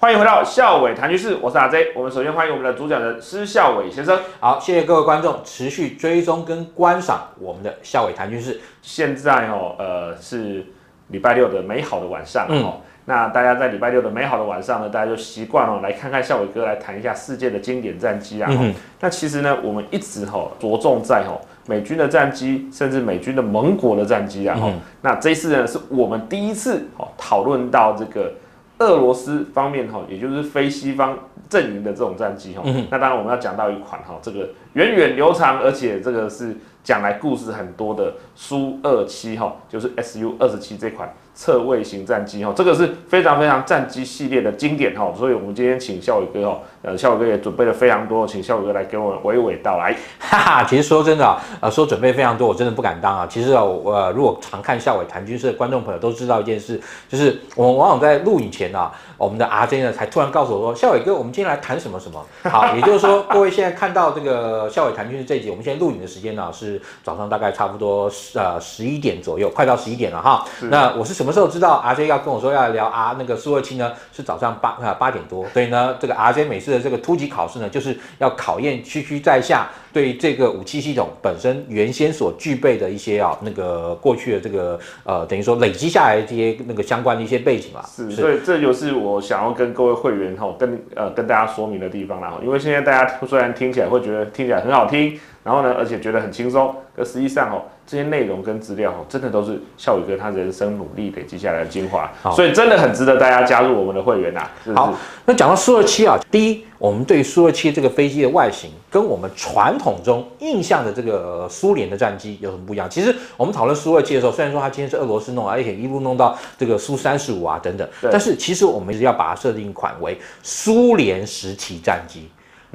歡迎回到《孝瑋談軍事》，我是大 J。我們首先歡迎我們的主講人施孝瑋先生。好，謝謝各位觀眾持續追蹤跟觀賞我們的《孝瑋談軍事》。現在哦，呃，是禮拜六的美好的晚上哦、嗯。那大家在禮拜六的美好的晚上呢，大家就習慣哦，來看看孝瑋哥來談一下世界的經典戰機啊、哦。嗯。那其實呢，我們一直哦着重在哦美軍的戰機，甚至美軍的盟國的戰機啊、哦嗯。那這一次呢，是我們第一次哦討論到這個。俄羅斯方面哈，也就是非西方陣營的這種戰機哈、嗯，那當然我們要講到一款哈，這個源遠流長，而且這個是講來故事很多的蘇二七哈，就是 SU 二十七這款。側衛型戰機哦，這個是非常非常戰機系列的經典哦，所以我們今天請孝偉哥哦，呃，孝偉哥也準備了非常多，請孝偉哥來給我們娓娓道來。哈哈，其實說真的啊，呃，說準備非常多，我真的不敢當啊。其實啊，我、呃、如果常看孝偉談軍事的觀眾朋友都知道一件事，就是我們往往在錄影前呢、啊，我們的 RJ 呢才突然告訴我說，孝偉哥，我們今天來談什麼什麼。好， 也就是說，各位現在看到這個孝偉談軍事這一集，我們現在錄影的時間呢、啊、是早上大概差不多呃十一點左右，快到十一點了哈。那我是什麼？有時候知道 RJ 要跟我說要聊啊那個蘇二七呢，是早上八啊八點多，所以呢這個 RJ 每次的這個突擊考試呢就是要考驗區區在下對這個武器系統本身原先所具備的一些啊、哦、那個過去的這個呃，等於說累積下來這些那個相關的一些背景嘛，是不是？所以這就是我想要跟各位會員吼跟呃跟大家說明的地方啦，因為現在大家雖然聽起來會覺得聽起來很好聽。然後呢，而且覺得很輕鬆，可實際上哦，這些內容跟資料哦，真的都是孝瑋哥他人生努力累積下來的精華，所以真的很值得大家加入我們的會員吶、啊。好，那講到蘇二七啊，第一，我們對蘇二七這個飛機的外形，跟我們傳統中印象的這個蘇聯的戰機有什麼不一樣？其實我們討論蘇二七的時候，雖然說它今天是俄羅斯弄，而、哎、且一路弄到這個蘇三十五啊等等，但是其實我們是要把它設定款為蘇聯時期戰機。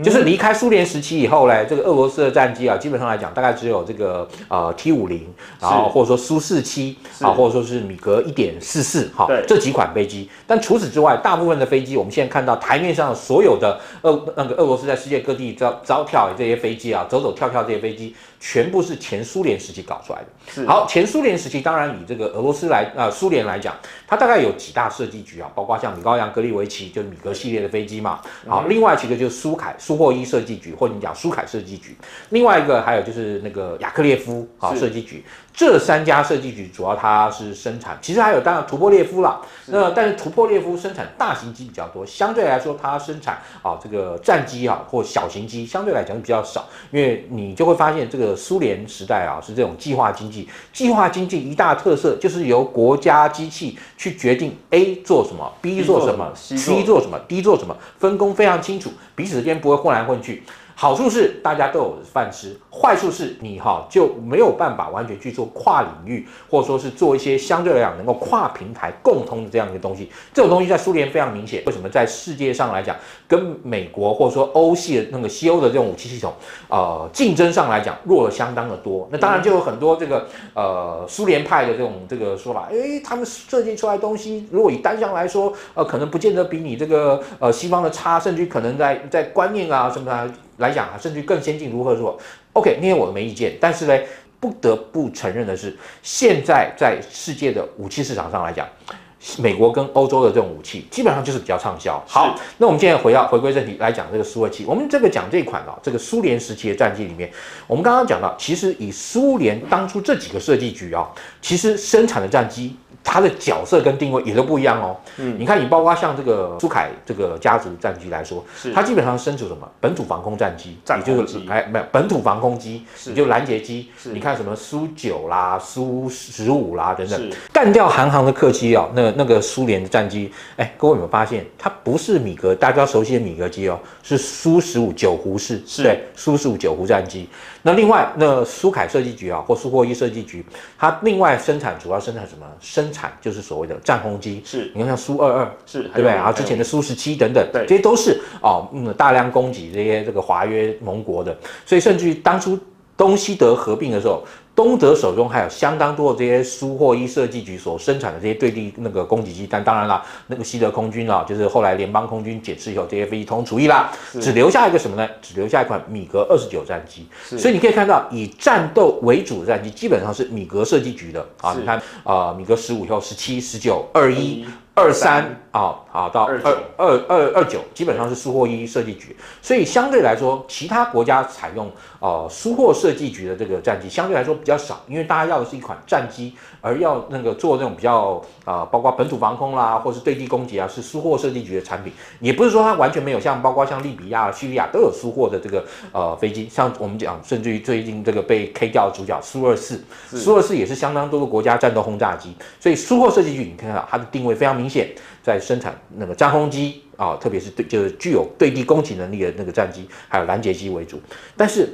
就是離開蘇聯時期以後呢，這個俄羅斯的戰機啊，基本上來講，大概只有這個呃 T 五零，然後或者說蘇四七啊，或者說是米格一點四四哈，對，這幾款飛機。但除此之外，大部分的飛機，我們現在看到台面上所有的俄那個俄羅斯在世界各地招招跳這些飛機啊，走走跳跳這些飛機。全部是前蘇聯時期搞出來的。是。好，前蘇聯時期，當然以這個俄羅斯來啊，呃、蘇聯來講，它大概有幾大設計局啊，包括像米高揚、格里維奇，就米格系列的飛機嘛、嗯。好，另外幾個就是蘇凱、蘇霍伊設計局，或者你講蘇凱設計局。另外一個還有就是那個雅克列夫，好，設計局。這三家設計局主要它是生產，其實還有當然圖波列夫啦，那、呃、但是圖波列夫生產大型機比較多，相對來說它生產啊這個戰機啊或小型機相對來講比較少，因為你就會發現這個蘇聯時代啊是這種計劃經濟，計劃經濟一大特色就是由國家機器去決定 A 做什麼，B 做什麼做，C 做什麼，D 做，做什麼，分工非常清楚，彼此之間不會混來混去。好處是大家都有飯吃，壞處是你哈就沒有辦法完全去做跨領域，或者說是做一些相對來講能夠跨平台共通的這樣一個東西。這種東西在蘇聯非常明顯。為什麼在世界上來講，跟美國或者說歐系的那個西歐的這種武器系統，呃，競爭上來講弱了相當的多。那當然就有很多這個呃蘇聯派的這種這個說法，誒，他們設計出來的東西，如果以單項來說，呃，可能不見得比你這個呃西方的差，甚至可能在在觀念啊什麼的來講啊，甚至更先進，如何做？OK，那些我沒意見，但是呢，不得不承認的是，現在在世界的武器市場上來講，美國跟歐洲的這種武器基本上就是比較暢銷。好，那我們現在回到回歸正題來講這個蘇 -27。我們這個講這款哦，這個蘇聯時期的戰機裡面，我們剛剛講到，其實以蘇聯當初這幾個設計局啊、哦，其實生產的戰機。它的角色跟定位也都不一樣哦。嗯，你看，你包括像這個蘇凱這個家族戰機來說，是它基本上身處什麼本土防空戰機，你就是，哎沒有本土防空機，你就攔截機。是，你看什麼蘇九啦，蘇十五啦等等，幹掉韓航的客機啊，哦，那那個蘇聯的戰機，哎，欸，各位有沒有發現，它不是米格大家熟悉的米格機哦，是蘇十五九湖式，是蘇十五九湖戰機。那另外，那蘇凱設計局啊，哦，或蘇霍伊設計局，它另外生產主要生產什麼生產就是所謂的戰轟機，是，你看像蘇二二，是對不對？然後之前的蘇十七等等，這些都是哦，嗯，大量供給這些這個華約盟國的，所以甚至於當初東西德合併的時候。東德手中還有相當多的這些蘇霍伊設計局所生產的這些對地那個攻擊機，但當然啦，那個西德空軍啊，就是後來聯邦空軍解釋以後，這些飛機通通處理啦，只留下一個什麼呢？只留下一款米格二十九戰機。所以你可以看到，以戰鬥為主的戰機基本上是米格設計局的啊。你看啊、呃，米格十五以後十七、十九、二一。二三啊啊、哦、到二二九二二,二九，基本上是蘇霍伊設計局，所以相對來說，其他國家採用呃蘇霍設計局的這個戰機相對來說比較少，因為大家要的是一款戰機，而要那個做那種比較啊、呃，包括本土防空啦，或者是對地攻擊啊，是蘇霍設計局的產品，也不是說它完全沒有像包括像利比亞、敘利亞都有蘇霍的這個呃飛機，像我們講，甚至於最近這個被 K 掉的主角蘇 -24，蘇 -24 也是相當多個國家戰鬥轟炸機，所以蘇霍設計局，你看到它的定位非常明。線在生產那個戰轟機啊，特別是對，就是具有對地攻擊能力的那個戰機，還有攔截機為主。但是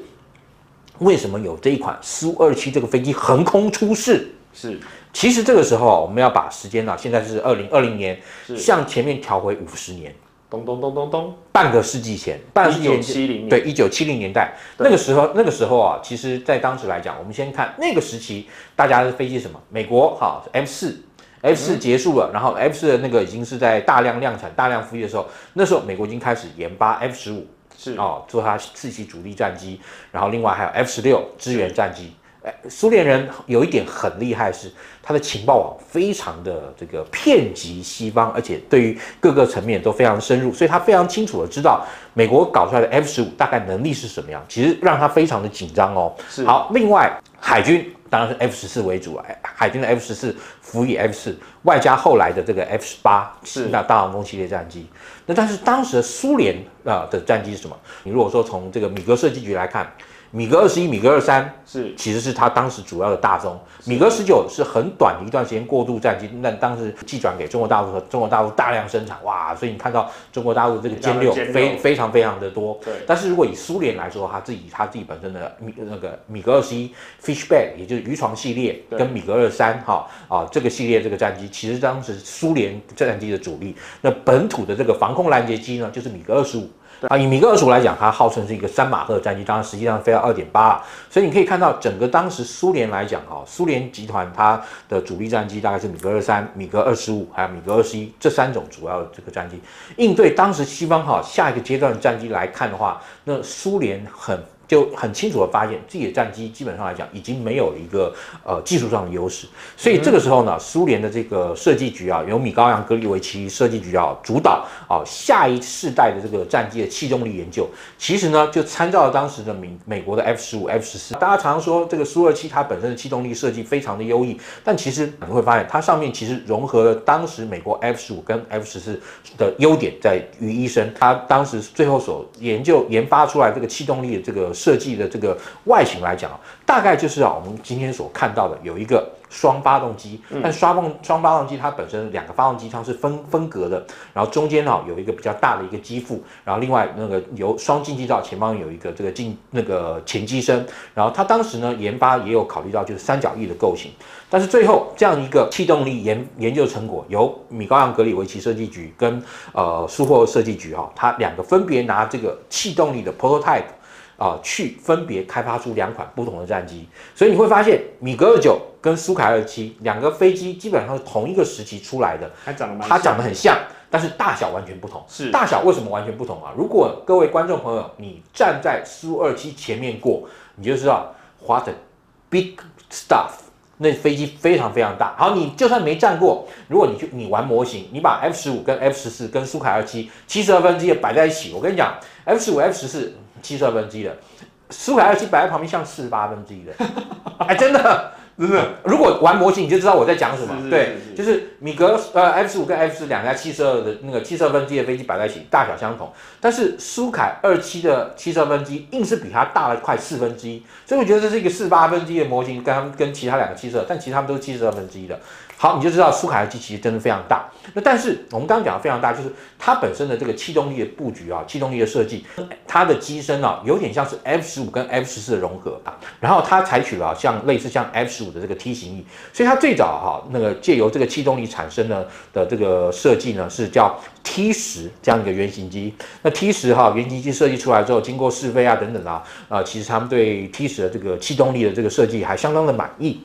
為什麼有這一款蘇二七這個飛機橫空出世？是，其實這個時候我們要把時間啊，現在是二零二零年，向前面調回五十年，咚咚咚咚咚，半個世紀前，半世紀前，一九七零年，對一九七零年代，那個時候那個時候啊，其實在當時來講，我們先看那個時期大家的飛機是什麼？美國哈 M 四。F4, F 四結束了，嗯、然後 F 四的那個已經是在大量量產、大量服役的時候，那時候美國已經開始研發 F 十五，是、哦、啊，做它次期主力戰機，然後另外還有 F 十六支援戰機。嗯哎，蘇聯人有一點很厲害是，他的情報網非常的這個遍及西方，而且對於各個層面都非常深入，所以他非常清楚的知道美國搞出來的 F 十五大概能力是什麼樣，其實讓他非常的緊張哦。好，另外海軍當然是 F 十四為主啊，海軍的 F 十四輔以 F 四，外加後來的這個 F 十八，是那大黃蜂系列戰機。那但是當時的蘇聯啊的戰機是什麼？你如果說從這個米格設計局來看。米格二十一、米格二十三是，其實是他當時主要的大宗。米格十九是很短的一段時間過渡戰機，那當時技轉給中國大陸，中國大陸大量生產，哇！所以你看到中國大陸這個殲六非非常非常的多。對。但是如果以蘇聯來說，他自己他自己本身的米那個米格二十一 Fishback 也就是魚床系列，跟米格二十三哈啊，啊這個系列這個戰機，其實當時蘇聯戰機的主力。那本土的這個防空攔截機呢，就是米格二十五。啊，以米格二十五來講，它號稱是一個三馬赫的戰機，當然實際上飛到二點八，所以你可以看到整個當時蘇聯來講，哈，蘇聯集團它的主力戰機大概是米格二三、米格二十五還有米格二十一這三種主要的這個戰機，應對當時西方哈下一個階段的戰機來看的話，那蘇聯很。就很清楚的發現自己的戰機基本上來講已經沒有了一個呃技術上的優勢，所以這個時候呢，蘇聯的這個設計局啊，由米高揚格里維奇設計局啊主導啊，下一世代的這個戰機的氣動力研究，其實呢就參照了當時的美美國的 F 十五、F 十四。大家常說這個蘇二七它本身的氣動力設計非常的優異，但其實你會發現它上面其實融合了當時美國 F 十五跟 F 十四的優點在於一身，他當時最後所研究研發出來這個氣動力的這個。設計的這個外形來講，大概就是啊，我們今天所看到的有一個雙發動機，但雙泵雙發動機它本身兩個發動機艙是分分隔的，然後中間呢有一個比較大的一個機腹，然後另外那個由雙進氣道前方有一個這個進那個前機身，然後它當時呢研發也有考慮到就是三角翼的構型，但是最後這樣一個氣動力研研究成果由米高揚格里維奇設計局跟呃蘇霍設計局哈，它兩個分別拿這個氣動力的 prototype。啊，去分別開發出兩款不同的戰機，所以你會發現米格二九跟蘇凱二七兩個飛機基本上是同一個時期出來的，它長得很像，但是大小完全不同。是大小為什麼完全不同啊？如果各位觀眾朋友，你站在蘇二七前面過，你就知道 What a big stuff，那飛機非常非常大。好，你就算沒站過，如果你去你玩模型，你把 F 十五跟 F 十四跟蘇凱二七七十二分之一擺在一起，我跟你講，F 十五 F 十四。七十二分之一的蘇凱二七擺在旁邊像四十八分之一的。哎、 欸，真的，真的，如果玩模型你就知道我在講什麼。 對，是是是是，就是米格呃 F 十五，跟 F 十兩架七十二的那個七十二分之一的飛機擺在一起，大小相同，但是蘇凱二七的七十二分之一硬是比它大了快四分之一，所以我覺得這是一個四十八分之一的模型，跟他們跟其他兩個七十二，但其實他們都是七十二分之一的。好，你就知道蘇愷的機其實真的非常大。那但是我們剛剛講的非常大，就是它本身的這個氣動力的布局啊，氣動力的設計，它的機身啊有點像是 F 十五跟 F 十四的融合啊。然後它採取了像類似像 F 十五的這個 T 型翼，所以它最早哈那個借由這個氣動力產生的的這個設計呢是叫 T 十這樣一個原型機。那 T 十哈原型機設計出來之後，經過試飛啊等等啊，呃，其實他們對 T 十的這個氣動力的這個設計還相當的滿意。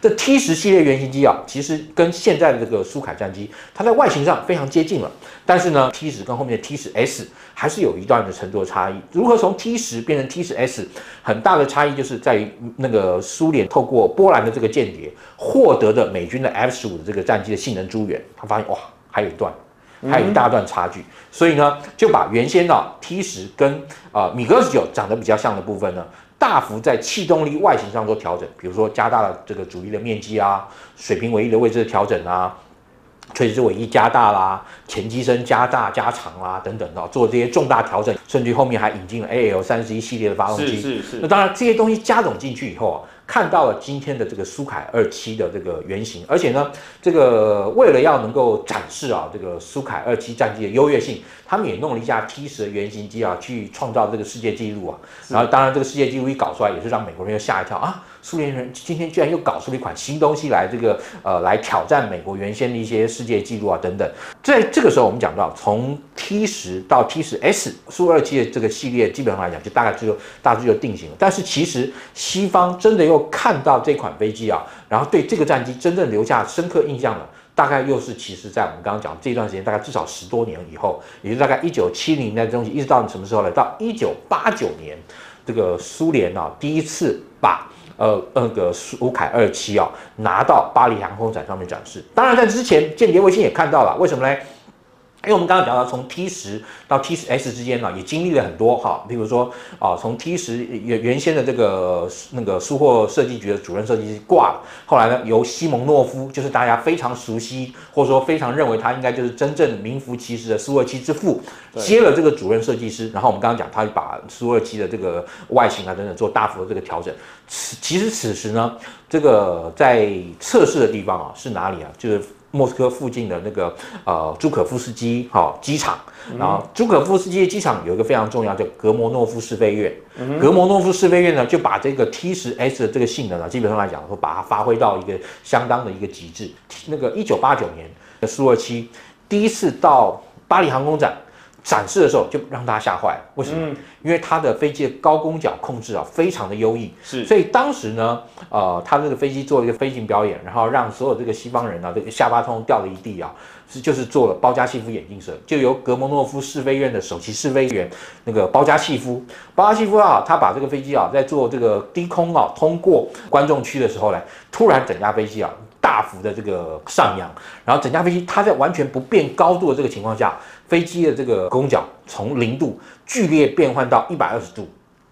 這 T 十系列原型機啊、哦，其實跟現在的這個蘇凱戰機，它在外形上非常接近了。但是呢，T 十跟後面的 T 十 S 還是有一段的程度的差異。如何從 T 十變成 T 十 S，很大的差異就是在於那個蘇聯透過波蘭的這個間諜獲得的美軍的 F 十五的這個戰機的性能諸元，他發現哇，還有一段，還有一大段差距。嗯、所以呢，就把原先的 T 十跟啊米格二十九長得比較像的部分呢。大幅在氣動力外形上做調整，比如說加大了這個主翼的面積啊，水平尾翼的位置的調整啊，垂直尾翼加大啦，前機身加大加長啦、啊、等等的，做這些重大調整，甚至後面還引進了 AL 三十一系列的發動機。是是是。那當然這些東西加總進去以後啊。看到了今天的這個蘇凱二七的這個原型，而且呢，這個為了要能夠展示啊，這個蘇凱二七戰機的優越性，他們也弄了一架 T-10 的原型機啊，去創造這個世界紀錄啊。然後，當然這個世界紀錄一搞出來，也是讓美國人又嚇一跳啊。蘇聯人今天居然又搞出了一款新東西來，這個呃，來挑戰美國原先的一些世界紀錄啊等等。在這個時候，我們講到從 T 十到 T 十 S 蘇二七的這個系列，基本上來講就大概就大致就定型了。但是其實西方真的又看到這款飛機啊，然後對這個戰機真正留下深刻印象的，大概又是其實在我們剛剛講這段時間，大概至少十多年以後，也就是大概一九七零年東西一直到什麼時候呢？到一九八九年，這個蘇聯啊第一次把呃，那個蘇愷27啊，拿到巴黎航空展上面展示。當然，在之前，間諜衛星也看到了。為什麼呢？因為我們剛剛講到，從 T 十到 T 十 S 之間呢，也經歷了很多哈，比如說啊，從 T 十原原先的這個那個蘇霍設計局的主任設計師掛了，後來呢，由西蒙諾夫，就是大家非常熟悉或者說非常認為他應該就是真正名副其實的蘇二七之父，接了這個主任設計師，然後我們剛剛講，他把蘇二七的這個外形啊等等做大幅的這個調整。此其實此時呢，這個在測試的地方啊是哪裡啊？就是。莫斯科附近的那個呃朱可夫斯基哈、哦、機場、嗯，然後朱可夫斯基機場有一個非常重要叫格摩諾夫試飛院、嗯，格摩諾夫試飛院呢就把這個 T-10S 的這個性能呢，基本上來講說把它發揮到一個相當的一個極致。那個一九八九年的蘇二七第一次到巴黎航空展。展示的時候就讓大家嚇壞了，為什麼？嗯，因為他的飛機的高攻角控制啊，非常的優異。是，所以當時呢，呃，他這個飛機做了一個飛行表演，然後讓所有這個西方人啊，這個下巴通掉了一地啊，是就是做了包加西夫眼鏡蛇，就由格莫諾夫試飛院的首席試飛員那個包加西夫，包加西夫啊，他把這個飛機啊，在做這個低空啊，通過觀眾區的時候呢，突然整架飛機啊，大幅的這個上揚，然後整架飛機它在完全不變高度的這個情況下。飛機的這個攻角從零度劇烈變換到一百二十度，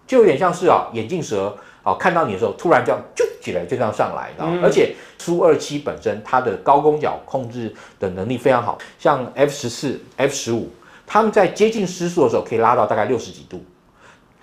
就有點像是啊、喔、眼鏡蛇啊、喔、看到你的時候突然就就起來就這樣上來，嗯、而且蘇二七本身它的高攻角控制的能力非常好，像 F 十四、F 十五，他們在接近失速的時候可以拉到大概六十幾度，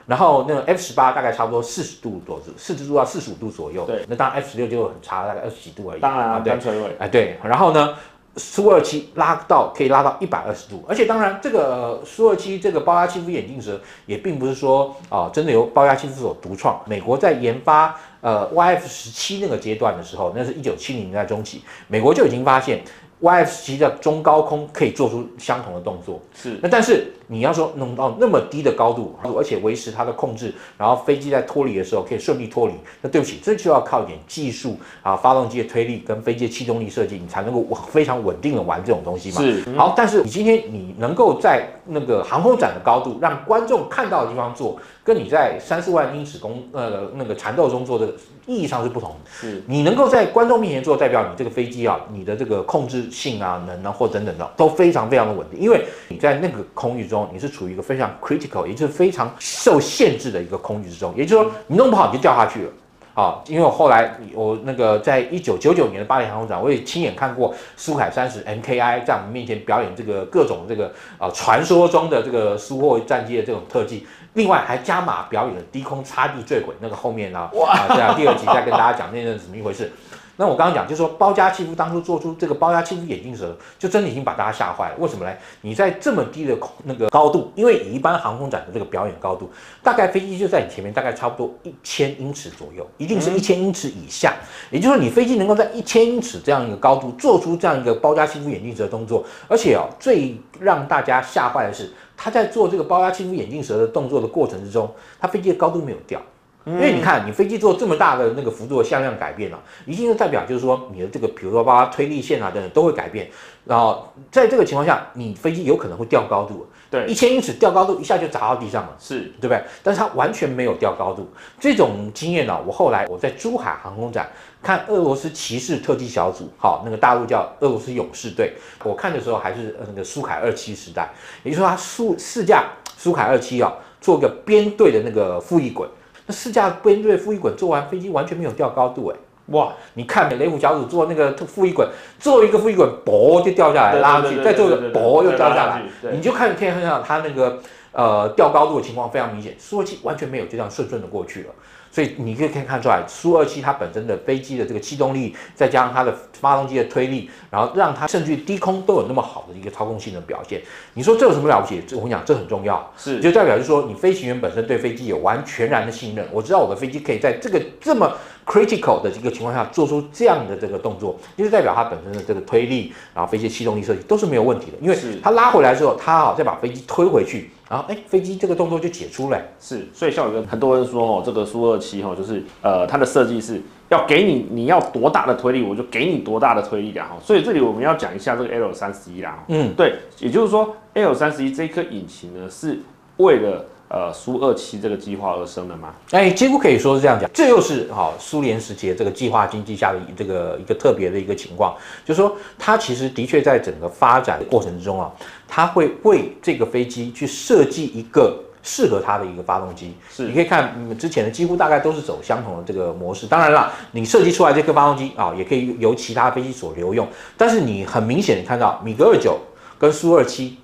然後那個 F 十八大概差不多四十度左右，四十度到四十五度左右，對，那當然 F 十六就很差，大概二十幾度而已。當然了、啊，哎、啊對，呃、對，然後呢，蘇二七拉到可以拉到一百二十度，而且當然這個蘇二七這個包壓七伏眼鏡蛇也並不是說啊、呃、真的由包壓七伏所獨創，美國在研發呃 YF 十七那個階段的時候，那是一九七零年代中期，美國就已經發現，YF 級的中高空可以做出相同的動作，是，那但是你要說弄到那麼低的高度，而且維持它的控制，然後飛機在脫離的時候可以順利脫離，那對不起，這就要靠一點技術啊，發動機的推力跟飛機的氣動力設計，你才能夠非常穩定的玩這種東西嘛。是，好，但是你今天你能夠在那個航空展的高度讓觀眾看到的地方做，跟你在三四萬英尺公，呃那個纏鬥中做的意義上是不同的。是，你能夠在觀眾面前做，代表你這個飛機啊，你的這個控制。性啊、能啊或等等的都非常非常的穩定，因為你在那個空域中，你是處於一個非常 critical，也就是非常受限制的一個空域之中。也就是說，你弄不好你就掉下去了啊！因為我後來我那個在一九九九年的巴黎航空展，我也親眼看過蘇凱三十 MKI 在我們面前表演這個各種這個、呃、傳說中的這個蘇霍戰機的這種特技，另外還加碼表演了低空擦地墜毀。那個後面呢、啊，啊，這樣第二集再跟大家講那是怎麼一回事。那我剛剛講，就是、說普加喬夫當初做出這個普加喬夫眼鏡蛇，就真的已經把大家嚇壞了。為什麼嘞？你在這麼低的空那個高度，因為以一般航空展的這個表演高度，大概飛機就在你前面，大概差不多一千英尺左右，一定是一千英尺以下。嗯、也就是說，你飛機能夠在一千英尺這樣一個高度做出這樣一個普加喬夫眼鏡蛇的動作，而且哦，最讓大家嚇壞的是，他在做這個普加喬夫眼鏡蛇的動作的過程之中，他飛機的高度沒有掉。因為你看，你飛機做這麼大的那個幅度的向量改變了、啊，一定就代表就是說你的這個，比如說把它推力線啊等等都會改變，然後在這個情況下，你飛機有可能會掉高度。對，一千英尺掉高度一下就砸到地上了，是對不對？但是它完全沒有掉高度，這種經驗呢、啊，我後來我在珠海航空展看俄羅斯騎士特技小組，好，那個大陸叫俄羅斯勇士隊，我看的時候還是那個蘇凱二七時代，也就是說它四四架蘇凱二七啊，做一個編隊的那個副翼滾。那四架不因為負一滾，做完飛機完全沒有掉高度哎！哇，你看，美雷虎小組做那個負一滾，做一個負一滾，嘣，就掉下來，拉上去，再做一個嘣，又掉下來，你就看天上它那個。呃，掉高度的情況非常明顯，蘇二七完全沒有，就這樣順順的過去了。所以你可以可以看出來，蘇二七它本身的飛機的這個氣動力，再加上它的發動機的推力，然後讓它甚至低空都有那麼好的一個操控性能表現。你說這有什麼了不起？這我跟你講，這很重要，是就代表就是說，你飛行員本身對飛機有完全然的信任。我知道我的飛機可以在這個這麼。critical 的這個情況下做出這樣的這個動作，就是代表它本身的這個推力，然後飛機的氣動力設計都是沒有問題的，因為它拉回來之後，它啊、喔、再把飛機推回去，然後哎、欸、飛機這個動作就解出來、欸。是，所以像我跟很多人說哦，這個蘇二七哈，就是呃它的設計是要給你你要多大的推力，我就給你多大的推力然後哈。所以這裡我們要講一下這個 L 三十一啦。嗯，對，也就是說 L 三十一這顆引擎呢是為了。呃，蘇二七這個計劃而生的嗎？哎，幾乎可以說是這樣講。這又、就是哦蘇聯時期的這個計劃經濟下的這個一個特別的一個情況，就是說它其實的確在整個發展的過程中啊，它會為這個飛機去設計一個適合它的一個發動機。是，你可以看、嗯、之前的幾乎大概都是走相同的這個模式。當然了，你設計出來這個發動機啊、哦，也可以由其他飛機所留用。但是你很明顯看到米格二九跟蘇二七。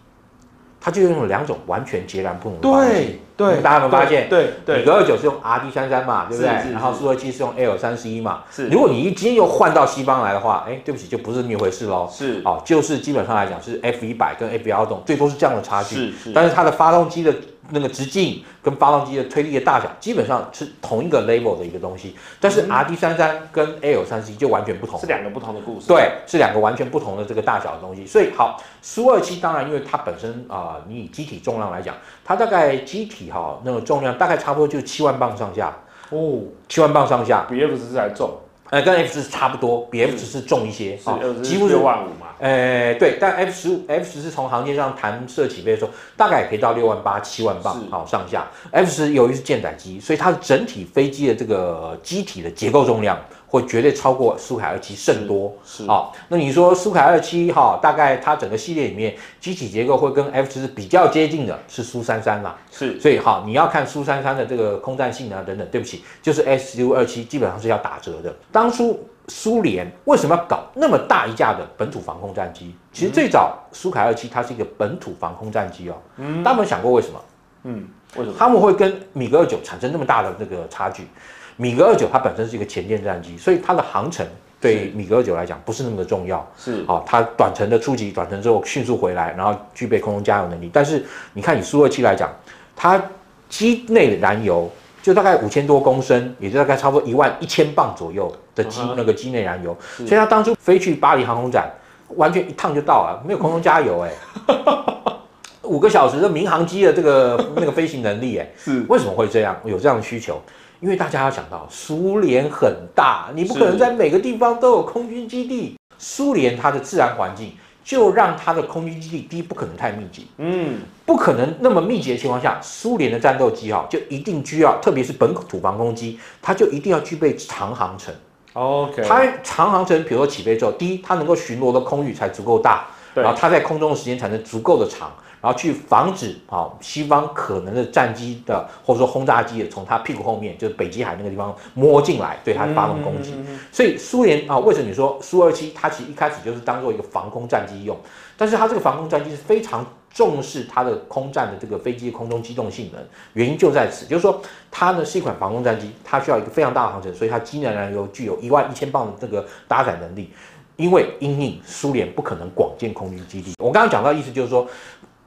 它就用了兩種完全截然不同的發動機，對對，大家有沒有發現？對對，米格二九是用 RD 三三嘛，對不對？然後蘇二七是用 L 三十一嘛。是，如果你一今天又換到西方來的話，哎、欸，對不起，就不是那回事嘍。是啊、哦，就是基本上來講是 F 一百跟 F 幺零最多是這樣的差距。是，是但是它的發動機的。那個直徑跟發動機的推力的大小基本上是同一個 level 的一個東西，嗯、但是 RD 三三跟 AL 三七就完全不同，是兩個不同的故事。對，是兩個完全不同的這個大小的東西。所以好，蘇二七當然因為它本身啊、呃，你以機體重量來講，它大概機體哈、哦、那個重量大概差不多就七萬磅上下哦，七萬磅上下。比 F 四還重？哎、呃，跟 F 四差不多，比 F 四是重一些，幾乎是、哦、是，是6萬五嘛。誒，對，但 F 十五 F 十四是從航線上彈射起飛的時候，大概也可以到六萬八七萬磅好，哦、上下。F 十由於是艦載機，所以它整體飛機的這個機體的結構重量會絕對超過蘇愷二七甚多。好，嗯，那你說蘇愷二七哈，大概它整個系列裡面機體結構會跟 F 十四是比較接近的，是蘇三三嘛？是，所以哈，哦，你要看蘇三三的這個空戰性能啊等等，對不起，就是蘇二七基本上是要打折的，當初。蘇聯為什麼要搞那麼大一架的本土防空戰機？其實最早蘇愷二七，它是一個本土防空戰機哦，嗯，大家有沒有想過為什麼？嗯，為什麼他們會跟米格二九產生那麼大的那個差距？米格二九它本身是一個前線戰機，所以它的航程對米格二九來講不是那麼的重要，是啊、哦，它短程的出擊，短程之後迅速回來，然後具備空中加油能力。但是你看以蘇二七來講，它機內燃油。就大概五千多公升，也就大概差不多一萬一千磅左右的機，uh -huh. 那個機內燃油，所以他當初飛去巴黎航空展，完全一趟就到了，沒有空中加油哎，欸， 五個小時的民航機的這個那個飛行能力哎，欸，是為什麼會這樣？有這樣的需求？因為大家要想到蘇聯很大，你不可能在每個地方都有空軍基地，蘇聯它的自然環境。就讓它的空軍基地第一不可能太密集，嗯，不可能那麼密集的情況下，蘇聯的戰鬥機哈就一定需要，特別是本土防空機，它就一定要具備長航程。OK，它長航程，比如說起飛之後，第一它能夠巡邏的空域才足夠大，然後它在空中的時間才能足夠的長。然後去防止啊，西方可能的戰機的，或者說轟炸機的，從他屁股後面，就是北極海那個地方摸進來，對他發動攻擊。所以蘇聯啊，為什麼你說蘇二七？它其實一開始就是當做一個防空戰機用，但是它這個防空戰機是非常重視它的空戰的這個飛機的空中機動性能，原因就在此，就是說它呢是一款防空戰機，它需要一個非常大的航程，所以它機內燃油具有一萬一千磅的這個搭載能力。因為因應蘇聯不可能廣建空軍基地，我剛剛講到的意思就是說。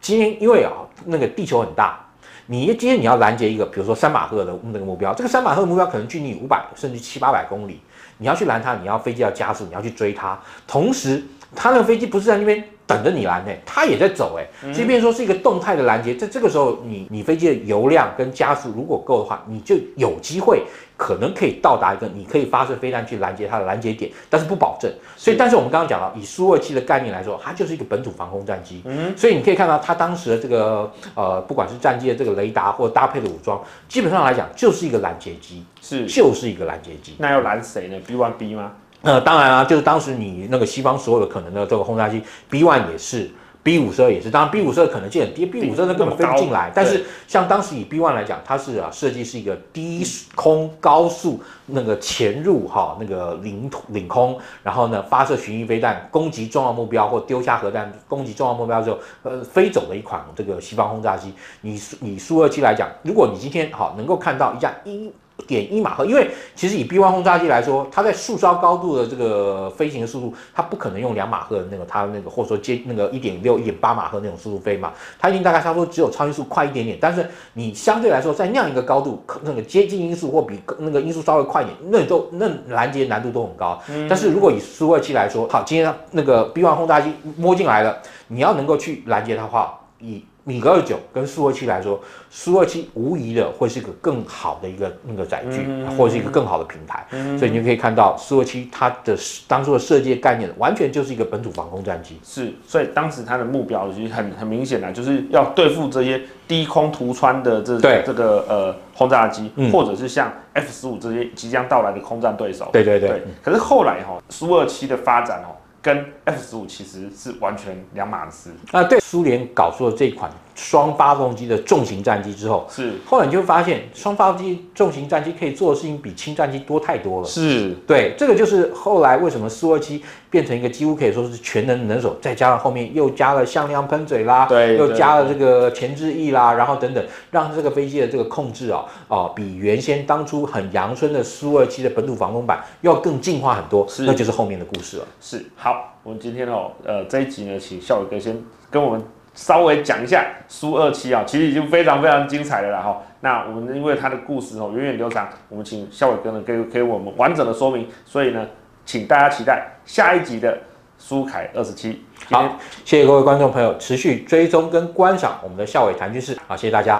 今天，因為啊，那個地球很大，你今天你要攔截一個，比如說三馬赫的那個目標，這個三馬赫的目標可能距離你五百甚至七八百公里，你要去攔它，你要飛機要加速，你要去追它，同時。他那個飛機不是在那邊等着你攔呢，他也在走哎、欸。即便說是一個動態的攔截，在這個時候你，你你飛機的油量跟加速如果夠的話，你就有機會可能可以到達一個你可以發射飛彈去攔截它的攔截點，但是不保證。所以，是但是我們剛剛講了，以蘇二七的概念來說，它就是一個本土防空戰機。嗯，所以你可以看到它當時的這個呃，不管是戰機的這個雷達或搭配的武裝，基本上來講就是一個攔截機，是，就是一個攔截機。那要攔誰呢？B1B 嗎？那、呃、當然啊，就是當時你那個西方所有的可能的這個轟炸機 B one 也是，B 五十二也是。當然 B 五十二可能性很低，B B 五十二根本飛不進來。但是像當時以 B one 來講，它是啊設計是一個低空高速那個潛入哈那個領土領空，然後呢，發射巡弋飛彈攻擊重要目標，或丟下核彈攻擊重要目標之後，呃飛走的一款這個西方轟炸機。你蘇你蘇二七來講，如果你今天哈能夠看到一架英。點一馬赫，因為其實以 B1 轟炸機來說，它在樹梢高度的這個飛行速度，它不可能用兩馬赫的那個，它那個或者說接那個一點六、一點八馬赫那種速度飛嘛，它已經大概差不多只有超音速快一點點。但是你相對來說在那樣一個高度，那個接近音速或比那個音速稍微快一點，那你就那攔截難度都很高。嗯、但是如果以蘇二七來說，好，今天那個 B1 轟炸機摸進來了，你要能夠去攔截它的話，以米格二九跟蘇二七來說，蘇二七無疑的會是一個更好的一個那個載具，嗯嗯或者是一個更好的平台。嗯嗯所以你就可以看到蘇二七它的當初的設計概念，完全就是一個本土防空戰機。是，所以當時它的目標已經很很明顯了，就是要對付這些低空突穿的這對這個呃轟炸機，嗯、或者是像 F 十五這些即將到來的空戰對手。對對對。對嗯、可是後來哈、哦，蘇二七的發展哦。跟 F 十五其實是完全兩碼事，那對蘇聯搞出的這一款雙發動機的重型戰機之後是，後來你就發現雙發動機重型戰機可以做的事情比輕戰機多太多了。是，對，這個就是後來為什麼蘇二七變成一個幾乎可以說是全能能手，再加上後面又加了向量噴嘴啦，對，對，對，又加了這個前置翼啦，然後等等，讓這個飛機的這個控制啊、哦，啊、呃，比原先當初很陽春的蘇二七的本土防空版要更進化很多。是，那就是後面的故事了。是，好，我們今天哦，呃，這一集呢，請孝瑋哥先跟我們。稍微講一下蘇二七啊，其實已經非常非常精彩了哈，那我們因為他的故事哦源遠流長，我們請孝瑋哥呢給給我們完整的說明，所以呢，請大家期待下一集的蘇愷二十七。好，謝謝各位觀眾朋友持續追蹤跟觀賞我們的孝瑋談軍事。好，謝謝大家。